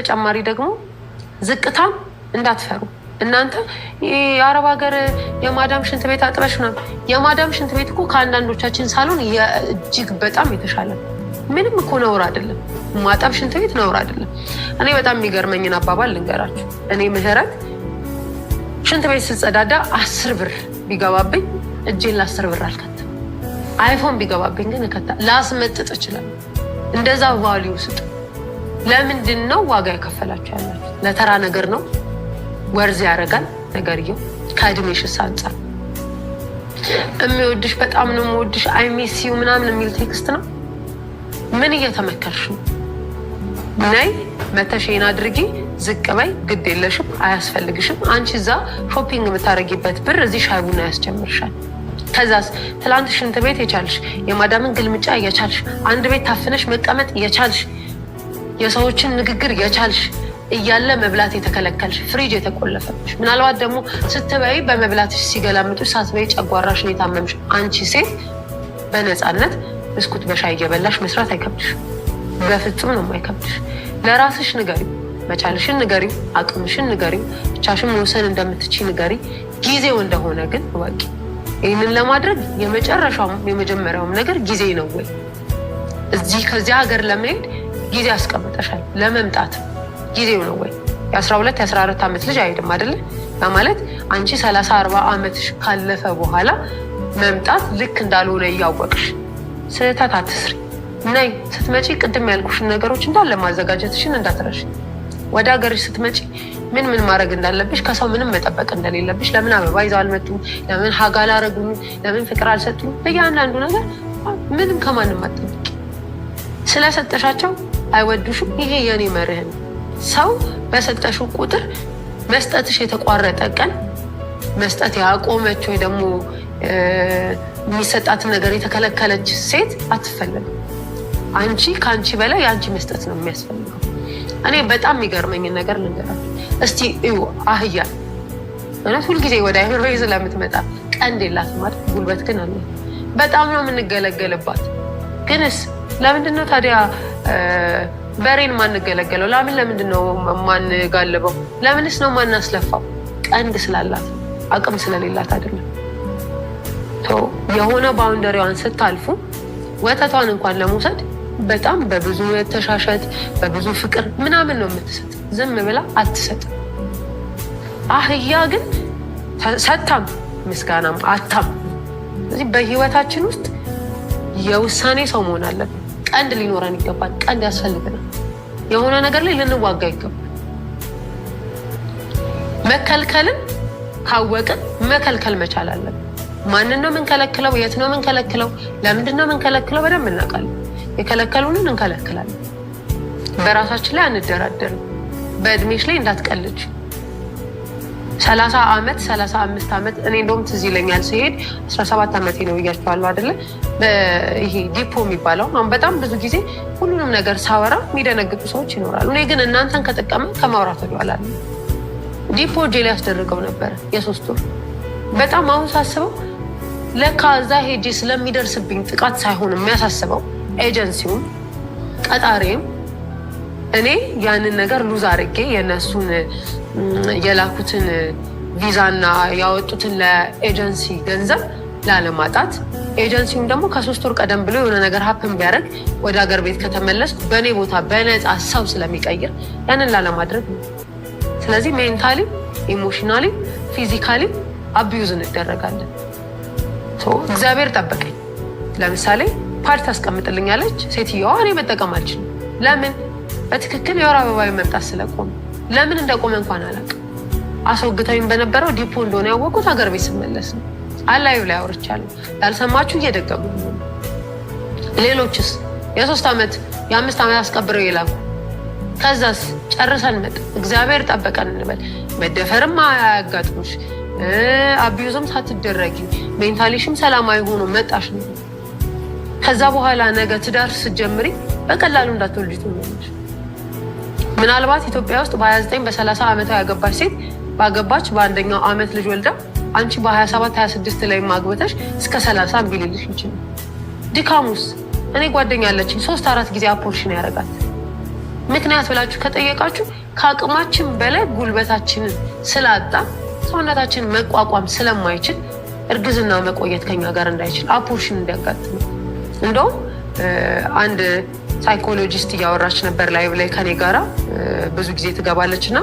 ተጨማሪ ደግሞ ዝቅታም እንዳትፈሩ እናንተ የአረብ ሀገር የማዳም ሽንት ቤት አጥበሽ ነው። የማዳም ሽንት ቤት እኮ ከአንዳንዶቻችን ሳሎን እጅግ በጣም የተሻለ ምንም እኮ ነውር አይደለም። ማጠብ ሽንት ቤት ነውር አይደለም። እኔ በጣም የሚገርመኝን አባባል ልንገራችሁ። እኔ ምህረት ሽንት ቤት ስጸዳዳ አስር ብር ቢገባብኝ እጄን ለአስር ብር አልከትም። አይፎን ቢገባብኝ ግን እከታ ላስመጥጥ እችላለሁ። እንደዛ ቫሊዩ ስጥ ለምንድን ነው ዋጋ የከፈላችሁ ያላችሁ? ለተራ ነገር ነው? ወርዝ ያደርጋል ነገርየው። ከእድሜሽስ አንጻር የሚወድሽ በጣም ነው የምወድሽ አይሚሲዩ ምናምን የሚል ቴክስት ነው። ምን እየተመከርሽ ነው? ነይ መተሽን አድርጊ፣ ዝቅ በይ፣ ግድ የለሽም፣ አያስፈልግሽም። አንቺ እዛ ሾፒንግ የምታደርጊበት ብር እዚህ ሻይ ቡና ያስጀምርሻል። ከዛስ ትላንት ሽንት ቤት የቻልሽ የማዳምን ግልምጫ እየቻልሽ አንድ ቤት ታፍነሽ መቀመጥ እየቻልሽ የሰዎችን ንግግር የቻልሽ እያለ መብላት የተከለከልሽ ፍሪጅ የተቆለፈች ምናልባት ደግሞ ስትበይ በመብላትሽ ሲገላምጡ ሳትበይ ጨጓራሽን የታመምሽ አንቺ ሴት በነፃነት ብስኩት በሻይ እየበላሽ መስራት አይከብድሽ። በፍጹም ነው የማይከብድሽ። ለራስሽ ንገሪ፣ መቻልሽን ንገሪ፣ አቅምሽን ንገሪ፣ ብቻሽን መውሰን እንደምትች ንገሪ። ጊዜው እንደሆነ ግን እወቂ። ይህንን ለማድረግ የመጨረሻውም የመጀመሪያውም ነገር ጊዜ ነው ወይ እዚህ ከዚያ ሀገር ለመሄድ ጊዜ ያስቀምጠሻል ለመምጣት። ጊዜው ነው ወይ? የ12 14 ዓመት ልጅ አይሄድም አይደለ? ማለት አንቺ 30 40 ዓመትሽ ካለፈ በኋላ መምጣት ልክ እንዳልሆነ እያወቅሽ ስህተት አትስሪ። ነይ ስትመጪ ቅድም ያልኩሽን ነገሮች እንዳለ ማዘጋጀትሽን እንዳትረሽ። ወደ ሀገርሽ ስትመጪ ምን ምን ማድረግ እንዳለብሽ፣ ከሰው ምንም መጠበቅ እንደሌለብሽ፣ ለምን አበባ ይዘው አልመጡም፣ ለምን ሀጋ አላረጉም፣ ለምን ፍቅር አልሰጡም፣ በየአንዳንዱ ነገር ምንም ከማንም አጠብቂ ስለሰጠሻቸው አይወዱሽም። ይሄ የኔ መርህ ነው። ሰው በሰጠሽው ቁጥር መስጠትሽ የተቋረጠ ቀን መስጠት ያቆመች ወይ ደግሞ የሚሰጣትን ነገር የተከለከለች ሴት አትፈልግም። አንቺ ከአንቺ በላይ የአንቺ መስጠት ነው የሚያስፈልገው። እኔ በጣም የሚገርመኝን ነገር ልንገራችሁ እስቲ እዩ። አህያ እውነት ሁልጊዜ ወደ አይምሮ ይዝ ለምትመጣ ቀንድ የላት ማለት ጉልበት ግን አለ። በጣም ነው የምንገለገልባት። ግንስ ለምንድነው ታዲያ በሬን ማንገለገለው? ለምን ለምንድን ነው ማንጋልበው? ለምንስ ነው ማናስለፋው? ቀንድ ስላላት አቅም ስለሌላት አይደለም። የሆነ ባውንደሪዋን ስታልፉ ወተቷን እንኳን ለመውሰድ በጣም በብዙ የተሻሸት በብዙ ፍቅር ምናምን ነው የምትሰጥ። ዝም ብላ አትሰጥ። አህያ ግን ሰታም ምስጋናም አታም። ስለዚህ በህይወታችን ውስጥ የውሳኔ ሰው መሆን አለብን። ቀንድ ሊኖረን ይገባል። ቀንድ ያስፈልግናል። የሆነ ነገር ላይ ልንዋጋ ይገባል። መከልከልን ካወቅን መከልከል መቻል አለብን። ማንን ነው የምንከለክለው? የት ነው የምንከለክለው? ለምንድን ነው የምንከለክለው? በደንብ እናውቃለን። የከለከሉንን እንከለክላለን። በራሳችን ላይ አንደራደርም። በእድሜሽ ላይ እንዳትቀልጅ ሰላሳ አመት ሰላሳ አምስት ዓመት እኔ እንደውም ትዝ ይለኛል ሲሄድ 17 ዓመቴ ነው እያቸዋለሁ አይደለ ይሄ ዲፖ የሚባለው አሁን በጣም ብዙ ጊዜ ሁሉንም ነገር ሳወራ የሚደነግጡ ሰዎች ይኖራሉ። እኔ ግን እናንተን ከጠቀመ ከማውራት ወደኋላ ዲፖ ጄል ላይ ያስደረገው ነበረ የሶስት ወር በጣም አሁን ሳስበው ለካ እዛ ሄጄ ስለሚደርስብኝ ጥቃት ሳይሆን የሚያሳስበው ኤጀንሲውም ቀጣሪም እኔ ያንን ነገር ሉዝ አድርጌ የእነሱን የላኩትን ቪዛና ያወጡትን ለኤጀንሲ ገንዘብ ላለማጣት ኤጀንሲውም ደግሞ ከሶስት ወር ቀደም ብሎ የሆነ ነገር ሀፕን ቢያደርግ ወደ ሀገር ቤት ከተመለስኩ በእኔ ቦታ በነፃ ሰው ስለሚቀይር ያንን ላለማድረግ ነው። ስለዚህ ሜንታሊ፣ ኢሞሽናሊ፣ ፊዚካሊ አብዩዝ እንደረጋለን። እግዚአብሔር ጠበቀኝ። ለምሳሌ ፓርት ታስቀምጥልኛለች ሴትየዋ፣ እኔ መጠቀም አልችልም። ለምን በትክክል የወር አበባዊ መምጣት ስለቆመ ለምን እንደቆመ እንኳን አላውቅም። አስወግተኝ በነበረው ዲፖ እንደሆነ ያወቁት ሀገር ቤት ስመለስ ነው። አላዩ ላይ አውርቻለሁ። ያልሰማችሁ እየደገሙ ሌሎችስ የሶስት ዓመት የአምስት ዓመት አስቀብረው የላኩ ከዛስ ጨርሰን መጥ እግዚአብሔር ጠበቀን እንበል። መደፈርም አያጋጥሙሽ፣ አቢዩዝም ሳትደረጊ ሜንታሊሽም ሰላማዊ ሆኖ መጣሽ ነው። ከዛ በኋላ ነገ ትዳር ስትጀምሪ በቀላሉ እንዳትወልጂ ትሆናለሽ። ምናልባት ኢትዮጵያ ውስጥ በ29 በ30 ዓመቷ ያገባች ሴት ባገባች በአንደኛው ዓመት ልጅ ወልዳ አንቺ በ27 26 ላይ ማግበተሽ እስከ 30 ቢልልሽ ይችላል። ድካሙስ? እኔ ጓደኛ አለችኝ ሶስት አራት ጊዜ አፖርሽን ያደርጋት ምክንያት ብላችሁ ከጠየቃችሁ ከአቅማችን በላይ ጉልበታችንን ስላጣ ሰውነታችን መቋቋም ስለማይችል እርግዝና መቆየት ከኛ ጋር እንዳይችል አፖርሽን እንዲያጋጥም እንደውም አንድ ሳይኮሎጂስት እያወራች ነበር ላይ ላይ ከኔ ጋራ ብዙ ጊዜ ትገባለች እና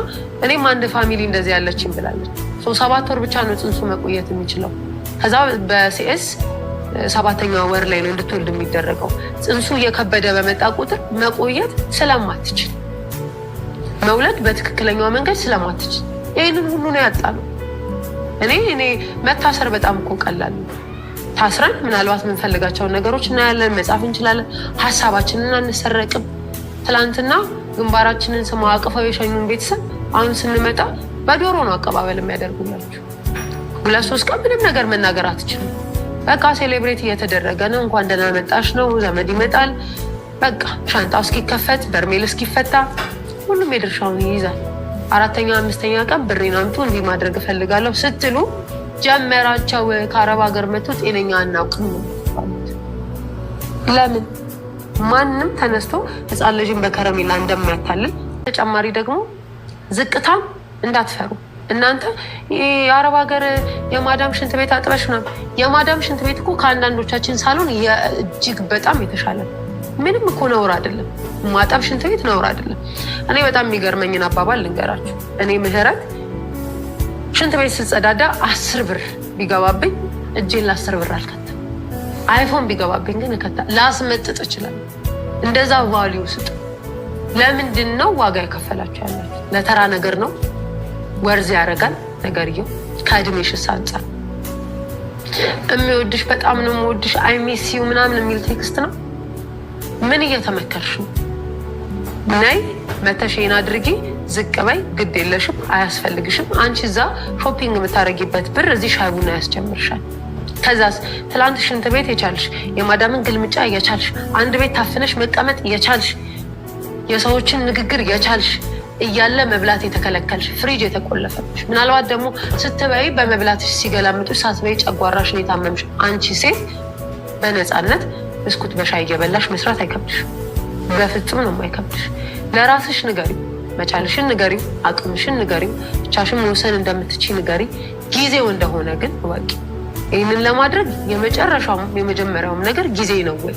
እኔም አንድ ፋሚሊ እንደዚህ ያለችኝ ብላለች። ሰባት ወር ብቻ ነው ጽንሱ መቆየት የሚችለው። ከዛ በሲኤስ ሰባተኛ ወር ላይ ነው እንድትወልድ የሚደረገው። ጽንሱ እየከበደ በመጣ ቁጥር መቆየት ስለማትችል መውለድ በትክክለኛዋ መንገድ ስለማትችል ይህንን ሁሉ ነው ያጣ ነው። እኔ እኔ መታሰር በጣም እኮ ቀላል ነው። ታስረን ምናልባት የምንፈልጋቸውን ነገሮች እናያለን፣ መጻፍ እንችላለን። ሀሳባችንን አንሰረቅም። ትላንትና ግንባራችንን ስማ አቅፈው የሸኙን ቤተሰብ አሁን ስንመጣ በዶሮ ነው አቀባበል የሚያደርጉላችሁ። ሁለት ሶስት ቀን ምንም ነገር መናገር አትችልም። በቃ ሴሌብሬት እየተደረገ ነው፣ እንኳን ደህና መጣሽ ነው። ዘመድ ይመጣል። በቃ ሻንጣው እስኪከፈት በርሜል እስኪፈታ ሁሉም የድርሻውን ይይዛል። አራተኛ አምስተኛ ቀን ብሬን አምጡ እንዲህ ማድረግ እፈልጋለሁ ስትሉ ጀመራቸው። ከአረብ ሀገር መጥቶ ጤነኛ አናውቅም። ለምን ማንም ተነስቶ ህፃን ልጅን በከረሜላ እንደማያታልል ተጨማሪ ደግሞ ዝቅታም እንዳትፈሩ እናንተ የአረብ ሀገር የማዳም ሽንት ቤት አጥበሽ ነው። የማዳም ሽንት ቤት እኮ ከአንዳንዶቻችን ሳሎን እጅግ በጣም የተሻለ ምንም እኮ ነውር አይደለም። ማጠብ ሽንት ቤት ነውር አይደለም። እኔ በጣም የሚገርመኝን አባባል ልንገራችሁ። እኔ ምህረት ሽንት ቤት ስጸዳዳ አስር ብር ቢገባብኝ እጄን ለአስር ብር አልከትም። አይፎን ቢገባብኝ ግን እከታ ላስመጥጥ እችላለሁ። እንደዛ ቫሊዩ ስጡ። ለምንድን ነው ዋጋ የከፈላችሁ ያላችሁ? ለተራ ነገር ነው። ወርዝ ያደርጋል ነገርየው ከእድሜሽ አንጻር የሚወድሽ በጣም ነው የምወድሽ አይ ዩ ምናምን የሚል ቴክስት ነው። ምን እየተመከርሽ ነይ መተሽን አድርጌ ዝቅ በይ፣ ግድ የለሽም፣ አያስፈልግሽም። አንቺ እዛ ሾፒንግ የምታደርጊበት ብር እዚህ ሻይ ቡና ያስጀምርሻል። ከዛስ ትላንት ሽንት ቤት የቻልሽ የማዳምን ግልምጫ የቻልሽ አንድ ቤት ታፍነሽ መቀመጥ የቻልሽ የሰዎችን ንግግር የቻልሽ እያለ መብላት የተከለከልሽ ፍሪጅ የተቆለፈብሽ ምናልባት ደግሞ ስትበይ በመብላትሽ ሲገላምጡ ሳትበይ ጨጓራሽ ነው የታመምሽ። አንቺ ሴት በነፃነት ብስኩት በሻይ እየበላሽ መስራት አይከብድሽ፣ በፍጹም ነው የማይከብድሽ። ለራስሽ ንገሪው። መቻልሽን ንገሪው፣ አቅምሽን ንገሪው፣ ብቻሽን መውሰን እንደምትችይ ንገሪ። ጊዜው እንደሆነ ግን እወቂ። ይህንን ለማድረግ የመጨረሻውም የመጀመሪያውም ነገር ጊዜ ነው ወይ?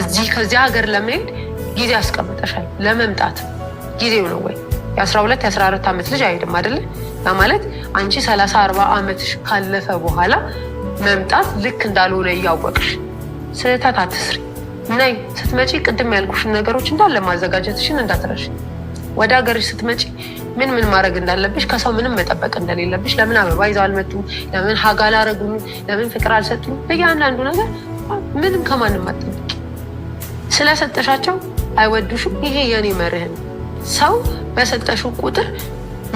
እዚህ ከዚያ ሀገር ለመሄድ ጊዜ አስቀምጠሻል። ለመምጣት ጊዜው ነው ወይ? የ12 የ14 ዓመት ልጅ አይሄድም አይደለ? ያ ማለት አንቺ 30 40 ዓመትሽ ካለፈ በኋላ መምጣት ልክ እንዳልሆነ እያወቅሽ ስህተት አትስሪ። ነይ ስትመጪ ቅድም ያልኩሽን ነገሮች እንዳለ ማዘጋጀትሽን እንዳትረሽ። ወደ ሀገርሽ ስትመጪ ምን ምን ማድረግ እንዳለብሽ ከሰው ምንም መጠበቅ እንደሌለብሽ፣ ለምን አበባ ይዘው አልመጡም፣ ለምን ሀጋ አላረጉም ለምን ፍቅር አልሰጡም፣ በእያንዳንዱ ነገር ምንም ከማንም አጠብቂ። ስለሰጠሻቸው አይወዱሽም። ይሄ የኔ መርህ ነው። ሰው በሰጠሹ ቁጥር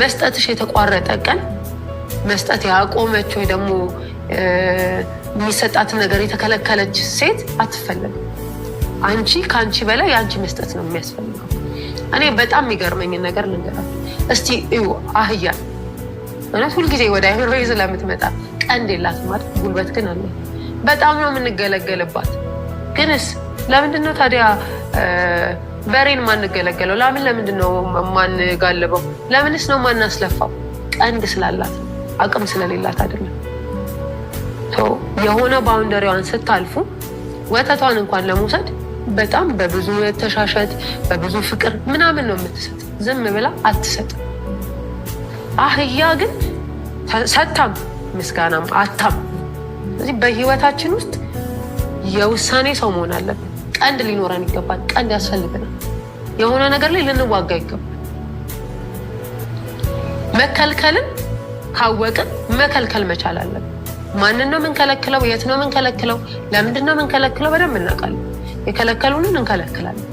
መስጠትሽ የተቋረጠ ቀን መስጠት ያቆመች ወይ ደግሞ የሚሰጣትን ነገር የተከለከለች ሴት አትፈለግም። አንቺ ከአንቺ በላይ የአንቺ መስጠት ነው የሚያስፈልገው። እኔ በጣም የሚገርመኝን ነገር ልንገራል። እስቲ እዩ አህያ እውነት ሁልጊዜ ወደ አይምሮ ስለምትመጣ ቀንድ የላት ጉልበት ግን አለ። በጣም ነው የምንገለገልባት። ግንስ ለምንድን ነው ታዲያ በሬን ማንገለገለው? ለምን ለምንድን ነው ማንጋልበው? ለምንስ ነው ማናስለፋው? ቀንድ ስላላት አቅም ስለሌላት አይደለም። የሆነ ባውንደሪዋን ስታልፉ ወተቷን እንኳን ለመውሰድ በጣም በብዙ ተሻሸት በብዙ ፍቅር ምናምን ነው የምትሰጥ። ዝም ብላ አትሰጥም። አህያ ግን ሰታም ምስጋናም አታም። ስለዚህ በህይወታችን ውስጥ የውሳኔ ሰው መሆን አለብን። ቀንድ ሊኖረን ይገባል። ቀንድ ያስፈልገናል። የሆነ ነገር ላይ ልንዋጋ ይገባል። መከልከልን ካወቅን መከልከል መቻል አለብን። ማንን ነው የምንከለክለው? የት ነው የምንከለክለው? ለምንድን ነው የምንከለክለው? በደንብ እናውቃለን። የከለከሉንን እንከለክላለን።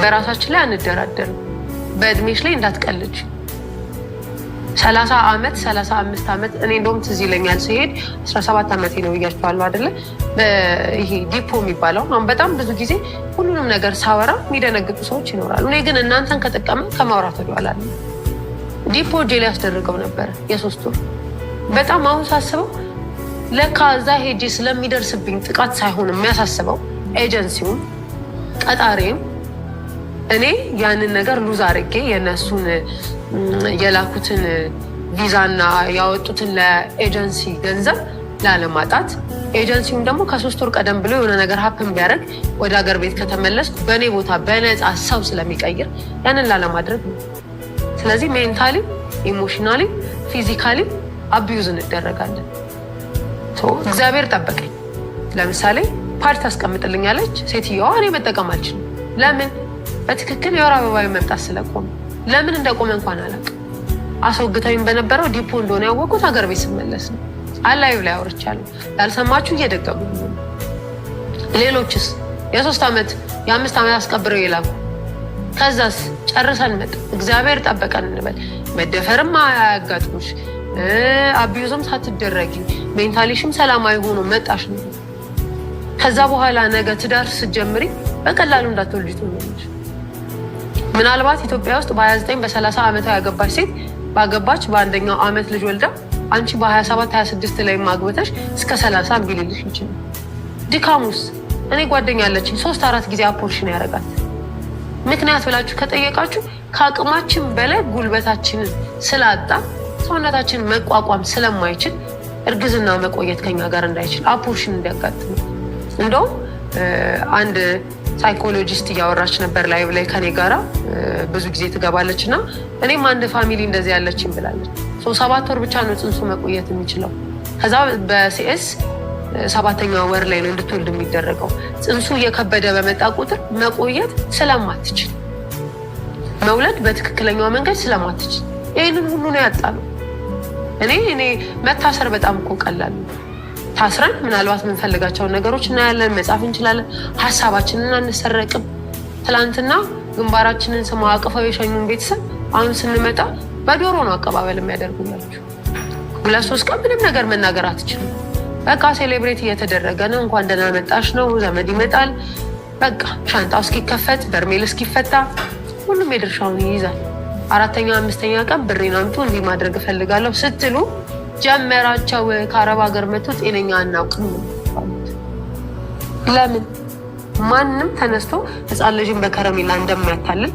በራሳችን ላይ አንደራደርም። በእድሜሽ ላይ እንዳትቀልጅ ሰላሳ ዓመት ሰላሳ አምስት ዓመት እኔ እንደውም ትዝ ይለኛል ሲሄድ አስራ ሰባት ዓመቴ ነው እያቸዋለሁ አይደለ? ይሄ ዲፖ የሚባለው አሁን በጣም ብዙ ጊዜ ሁሉንም ነገር ሳወራ የሚደነግጡ ሰዎች ይኖራሉ። እኔ ግን እናንተን ከጠቀመ ከማውራት ወደኋላለ ዲፖ እጄ ላይ ያስደርገው ነበረ የሶስቱ በጣም አሁን ሳስበው ለካ እዛ ሄጄ ስለሚደርስብኝ ጥቃት ሳይሆን የሚያሳስበው ኤጀንሲውም ቀጣሪም እኔ ያንን ነገር ሉዝ አድርጌ የእነሱን የላኩትን ቪዛና ያወጡትን ለኤጀንሲ ገንዘብ ላለማጣት ኤጀንሲውም ደግሞ ከሶስት ወር ቀደም ብሎ የሆነ ነገር ሀፕን ቢያደርግ ወደ ሀገር ቤት ከተመለስኩ በእኔ ቦታ በነፃ ሰው ስለሚቀይር ያንን ላለማድረግ ነው። ስለዚህ ሜንታሊ፣ ኢሞሽናሊ፣ ፊዚካሊ አቢዩዝ እንደረጋለን። እግዚአብሔር ጠበቀኝ። ለምሳሌ ፓድ አለች ሴትዮዋ። እኔ መጠቀም አልችልም። ለምን? በትክክል የወር አበባዊ መምጣት ስለቆመ። ለምን እንደቆመ እንኳን አላቅ አስወግተውኝ በነበረው ዲፖ እንደሆነ ያወቁት ሀገር ቤት ስመለስ ነው። አላዩ ላይ አውርቻለሁ። ያልሰማችሁ እየደገሙ ሌሎችስ የሶስት ዓመት የአምስት ዓመት አስቀብረው የላኩ ከዛስ ጨርሰን መጥ እግዚአብሔር ጠበቀን እንበል። መደፈርም አያጋጥሙሽ፣ አብዩዝም ሳትደረጊ ሜንታሊሽም ሰላማዊ ሆኖ መጣሽ ነው ከዛ በኋላ ነገ ትዳር ስትጀምሪ በቀላሉ እንዳትወልጂ ትሆናለች። ምናልባት ኢትዮጵያ ውስጥ በ29 በ30 ዓመቷ ያገባች ሴት ባገባች በአንደኛው ዓመት ልጅ ወልዳ አንቺ በ27 26 ላይ ማግበተሽ እስከ 30 ቢልልሽ ይችላል። ድካሙስ? እኔ ጓደኛ አለችኝ ሶስት አራት ጊዜ አፖርሽን ያደርጋት። ምክንያት ብላችሁ ከጠየቃችሁ ከአቅማችን በላይ ጉልበታችንን ስላጣ ሰውነታችንን መቋቋም ስለማይችል እርግዝና መቆየት ከኛ ጋር እንዳይችል አፖርሽን እንዲያጋጥም እንደውም አንድ ሳይኮሎጂስት እያወራች ነበር ላይ ላይ ከኔ ጋራ ብዙ ጊዜ ትገባለች እና እኔም አንድ ፋሚሊ እንደዚህ ያለችን ብላለች። ሰባት ወር ብቻ ነው ጽንሱ መቆየት የሚችለው። ከዛ በሲኤስ ሰባተኛ ወር ላይ ነው እንድትወልድ የሚደረገው። ጽንሱ እየከበደ በመጣ ቁጥር መቆየት ስለማትችል መውለድ በትክክለኛው መንገድ ስለማትችል ይህንን ሁሉ ነው ያጣ ነው። እኔ እኔ መታሰር በጣም እኮ ቀላል ነው ታስረን ምናልባት የምንፈልጋቸውን ነገሮች እናያለን፣ መጻፍ እንችላለን፣ ሀሳባችንን አንሰረቅም። ትላንትና ግንባራችንን ስማ አቅፈው የሸኙን ቤተሰብ አሁን ስንመጣ በዶሮ ነው አቀባበል የሚያደርጉላችሁ። ሁለት ሶስት ቀን ምንም ነገር መናገር አትችልም። በቃ ሴሌብሬት እየተደረገ ነው፣ እንኳን ደህና መጣሽ ነው። ዘመድ ይመጣል። በቃ ሻንጣው እስኪከፈት በርሜል እስኪፈታ ሁሉም የድርሻውን ይይዛል። አራተኛ አምስተኛ ቀን ብሬን አምጡ እንዲህ ማድረግ እፈልጋለሁ ስትሉ ጀመራቸው። ከአረብ ሀገር መጥቶ ጤነኛ አናውቅም። ለምን ማንም ተነስቶ ህፃን ልጅን በከረሜላ እንደማያታለን